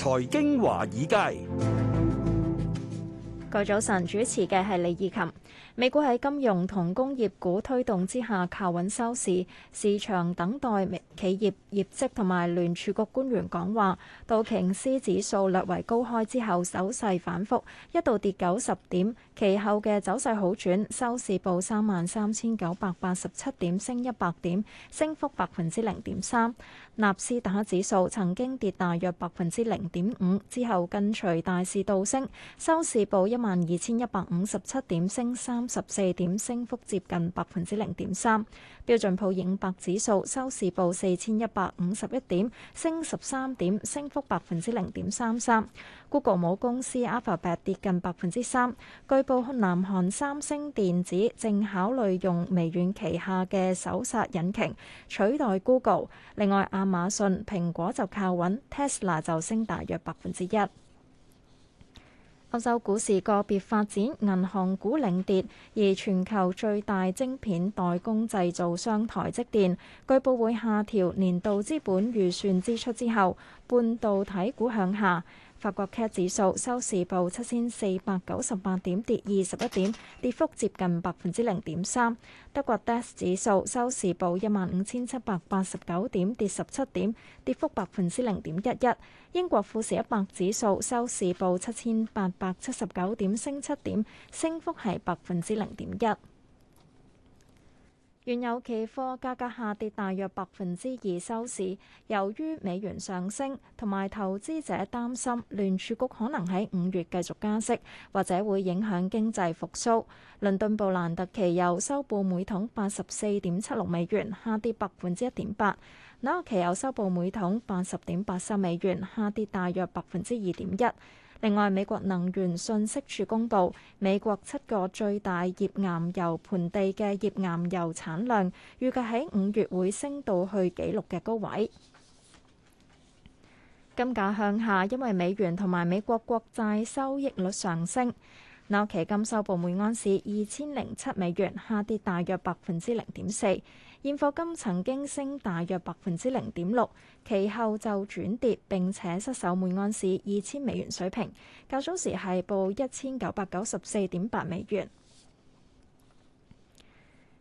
財經華爾街，個早晨主持嘅係李義琴。美股喺金融同工業股推動之下靠穩收市，市場等待企業業績同埋聯儲局官員講話。道瓊斯指數略為高開之後走勢反覆，一度跌九十點，其後嘅走勢好轉，收市報三萬三千九百八十七點，升一百點，升幅百分之零點三。納斯達克指數曾經跌大約百分之零點五之後跟隨大市倒升，收市報一萬二千一百五十七點，升三十四點升幅接近百分之零點三。標準普爾五百指數收市報四千一百五十一點，升十三點，升幅百分之零點三三。Google 母公司 Alphabet 跌近百分之三。據報南韓三星電子正考慮用微軟旗下嘅搜尋引擎取代 Google。另外，亞馬遜、蘋果就靠穩，Tesla 就升大約百分之一。歐洲股市個別發展，銀行股領跌，而全球最大晶片代工製造商台積電據報會下調年度資本預算支出之後，半導體股向下。法國 CAC 指數收市報七千四百九十八點，跌二十一點，跌幅接近百分之零點三。德國 DAX 指數收市報一萬五千七百八十九點，跌十七點，跌幅百分之零點一一。英國富時一百指數收市報七千八百七十九點，升七點，升幅係百分之零點一。原油期貨價格下跌大約百分之二收市，由於美元上升同埋投資者擔心聯儲局可能喺五月繼續加息，或者會影響經濟復甦。倫敦布蘭特期油收報每桶八十四點七六美元，下跌百分之一點八。那期油收報每桶八十點八三美元，下跌大約百分之二點一。另外，美國能源信息署公布，美國七個最大頁岩油盆地嘅頁岩油產量預計喺五月會升到去紀錄嘅高位。金價向下，因為美元同埋美國國債收益率上升。那期金收報每安士二千零七美元，下跌大約百分之零點四。現貨金曾經升大約百分之零點六，其後就轉跌並且失守每安士二千美元水平。較早時係報一千九百九十四點八美元。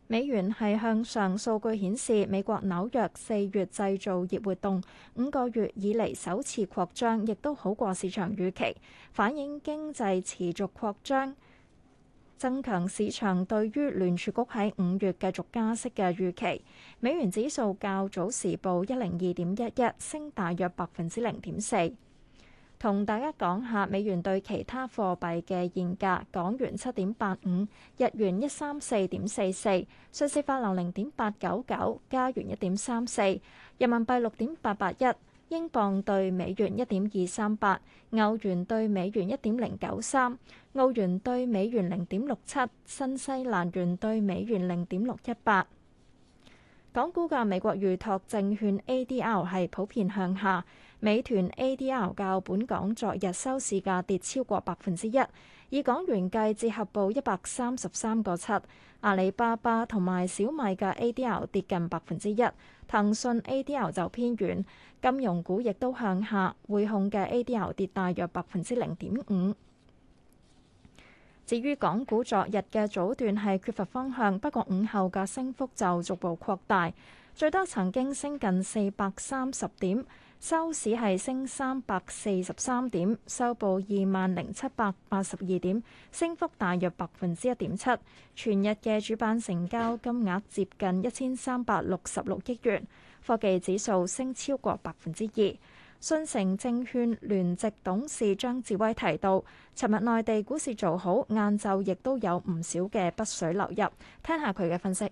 美元係向上，數據顯示美國紐約四月製造業活動五個月以嚟首次擴張，亦都好過市場預期，反映經濟持續擴張。增強市場對於聯儲局喺五月繼續加息嘅預期。美元指數較早時報一零二點一一，升大約百分之零點四。同大家講下美元對其他貨幣嘅現價：港元七點八五，日元一三四點四四，瑞士法郎零點八九九，加元一點三四，人民幣六點八八一。英鎊兌美元一點二三八，歐元兌美元一點零九三，澳元兌美元零點六七，新西蘭元兌美元零點六一八。港股嘅美國預託證券 ADR 係普遍向下，美團 ADR 較本港昨日收市價跌超過百分之一。以港元計，折合報一百三十三個七，阿里巴巴同埋小米嘅 ADR 跌近百分之一，騰訊 ADR 就偏軟，金融股亦都向下，匯控嘅 ADR 跌大約百分之零點五。至於港股昨日嘅早段係缺乏方向，不過午後嘅升幅就逐步擴大，最多曾經升近四百三十點。收市係升三百四十三點，收報二萬零七百八十二點，升幅大約百分之一點七。全日嘅主板成交金額接近一千三百六十六億元，科技指數升超過百分之二。信誠證券聯席董事張志威提到，尋日內地股市做好，晏晝亦都有唔少嘅北水流入，聽下佢嘅分析。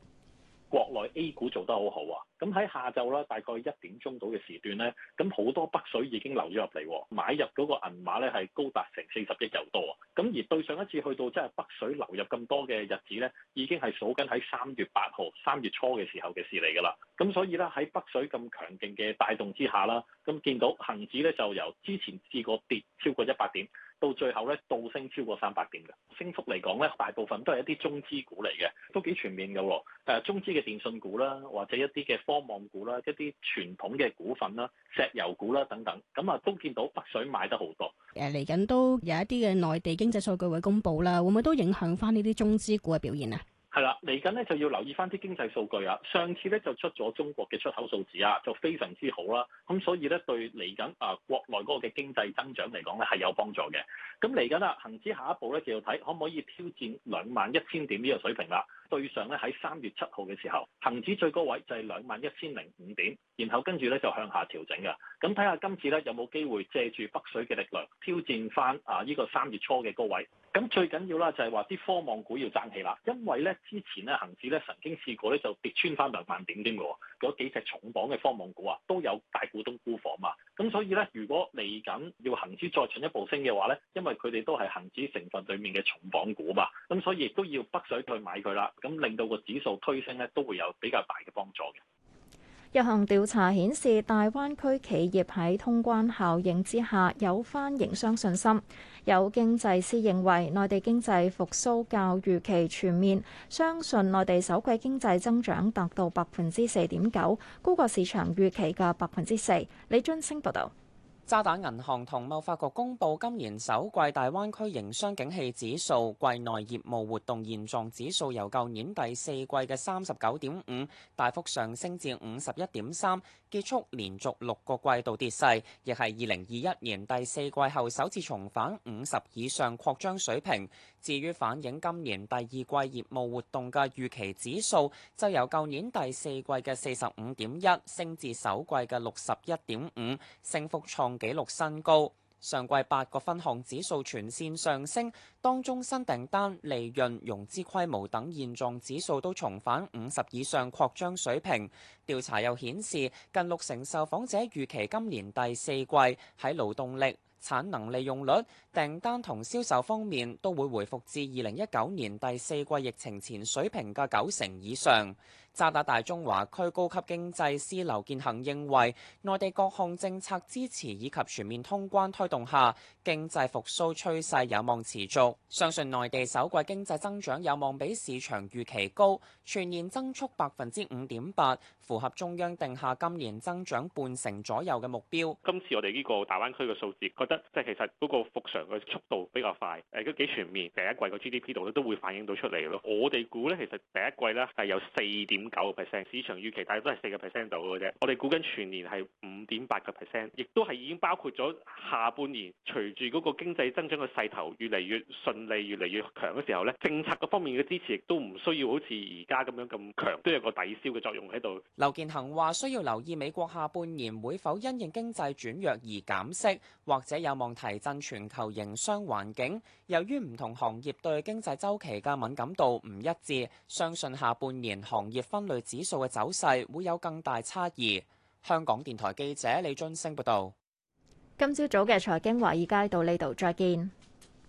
國內 A 股做得好好啊！咁喺下晝啦，大概一點鐘到嘅時段呢，咁好多北水已經流咗入嚟，買入嗰個銀碼呢係高達成四十億有多啊！咁而對上一次去到即係北水流入咁多嘅日子呢，已經係數緊喺三月八號三月初嘅時候嘅事嚟㗎啦。咁所以呢，喺北水咁強勁嘅帶動之下啦，咁見到恒指呢，就由之前試過跌超過一百點。到最後咧，倒升超過三百點嘅升幅嚟講咧，大部分都係一啲中資股嚟嘅，都幾全面嘅喎，啊。中資嘅電信股啦，或者一啲嘅科網股啦，一啲傳統嘅股份啦，石油股啦等等，咁啊都見到北水買得好多。誒，嚟緊都有一啲嘅內地經濟數據會公布啦，會唔會都影響翻呢啲中資股嘅表現啊？係啦，嚟緊咧就要留意翻啲經濟數據啊。上次咧就出咗中國嘅出口數字啊，就非常之好啦。咁所以咧對嚟緊啊國內嗰個嘅經濟增長嚟講咧係有幫助嘅。咁嚟緊啊，恒指下一步咧就要睇可唔可以挑戰兩萬一千點呢個水平啦。對上咧喺三月七號嘅時候，恒指最高位就係兩萬一千零五點，然後跟住咧就向下調整嘅。咁睇下今次咧有冇機會借住北水嘅力量挑戰翻啊呢、呢個三月初嘅高位。咁最緊要啦就係話啲科網股要爭氣啦，因為咧之前咧恒指咧曾經試過咧就跌穿翻兩萬點㜶㜶，嗰幾隻重磅嘅科網股啊都有大股東沽貨嘛。咁所以咧如果嚟緊要恒指再進一步升嘅話咧，因為佢哋都係恒指成分裡面嘅重磅股嘛，咁所以亦都要北水去買佢啦。咁令到個指數推升咧，都會有比較大嘅幫助嘅。一項調查顯示，大灣區企業喺通關效應之下，有翻營商信心。有經濟師認為內地經濟復甦較預期全面，相信內地首季經濟增長達到百分之四點九，高過市場預期嘅百分之四。李津升報道。渣打銀行同貿發局公佈今年首季大灣區營商景氣指數，季內業務活動現狀指數，由舊年第四季嘅三十九點五大幅上升至五十一點三。結束連續六個季度跌勢，亦係二零二一年第四季後首次重返五十以上擴張水平。至於反映今年第二季業務活動嘅預期指數，就由舊年第四季嘅四十五點一升至首季嘅六十一點五，升幅創紀錄新高。上季八個分項指數全線上升，當中新訂單、利潤、融資規模等現狀指數都重返五十以上擴張水平。調查又顯示，近六成受訪者預期今年第四季喺勞動力、產能利用率、訂單同銷售方面都會回復至二零一九年第四季疫情前水平嘅九成以上。渣打大中華區高級經濟師劉建恒認為，內地各項政策支持以及全面通關推動下，經濟復甦趨勢有望持續。相信內地首季經濟增長有望比市場預期高，全年增速百分之五點八，符合中央定下今年增長半成左右嘅目標。今次我哋呢個大灣區嘅數字，覺得即係其實嗰個復常嘅速度比較快，誒都幾全面。第一季個 GDP 度咧都會反映到出嚟咯。我哋估咧，其實第一季咧係有四點九個 percent，市場預期大約都係四個 percent 度嘅啫。我哋估緊全年係五點八個 percent，亦都係已經包括咗下半年。隨住嗰個經濟增長嘅勢頭越嚟越順利、越嚟越強嘅時候咧，政策嗰方面嘅支持亦都唔需要好似而家咁樣咁強，都有個抵消嘅作用喺度。劉建恒話需要留意美國下半年會否因應經濟轉弱而減息，或者有望提振全球營商環境。由於唔同行業對經濟周期嘅敏感度唔一致，相信下半年行業分類指數嘅走勢會有更大差異。香港電台記者李津升報道：「今朝早嘅財經華爾街到呢度再見。」